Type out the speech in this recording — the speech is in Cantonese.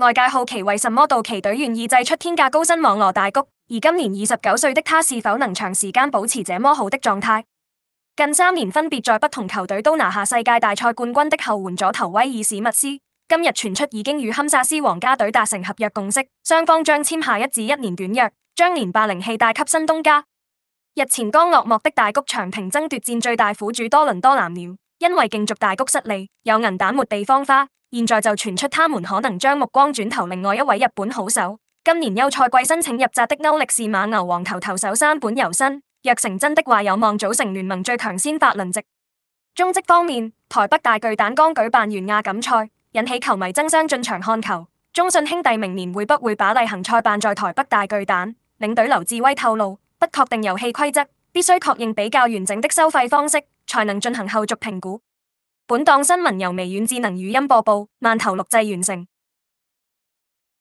外界好奇為什麼道奇隊願意祭出天價高薪網羅大谷，而今年二十九歲的他是否能長時間保持這麼好的狀態？近三年分別在不同球隊都拿下世界大賽冠軍的後援左投威爾史密斯，今日傳出已經與堪薩斯皇家隊達成合約共識，雙方將簽下一至一年短約，將年霸零氣帶給新東家。日前剛落幕的大谷翔平爭奪戰最大苦主多倫多藍鳥。因為競逐大谷失利，有銀彈沒地方花，現在就傳出他們可能將目光轉投另外一位日本好手。今年休賽季申請入閘的歐力士馬牛王頭投手山本由伸，若成真的話，有望組成聯盟最強先發輪值。中職方面，台北大巨蛋剛舉辦完亞錦賽，引起球迷爭相進場看球。中信兄弟明年會不會把例行賽辦在台北大巨蛋？領隊劉志威透露，不確定遊戲規則。必須確認比較完整的收費方式，才能進行後續評估。本檔新聞由微軟智能語音播報，慢頭錄製完成。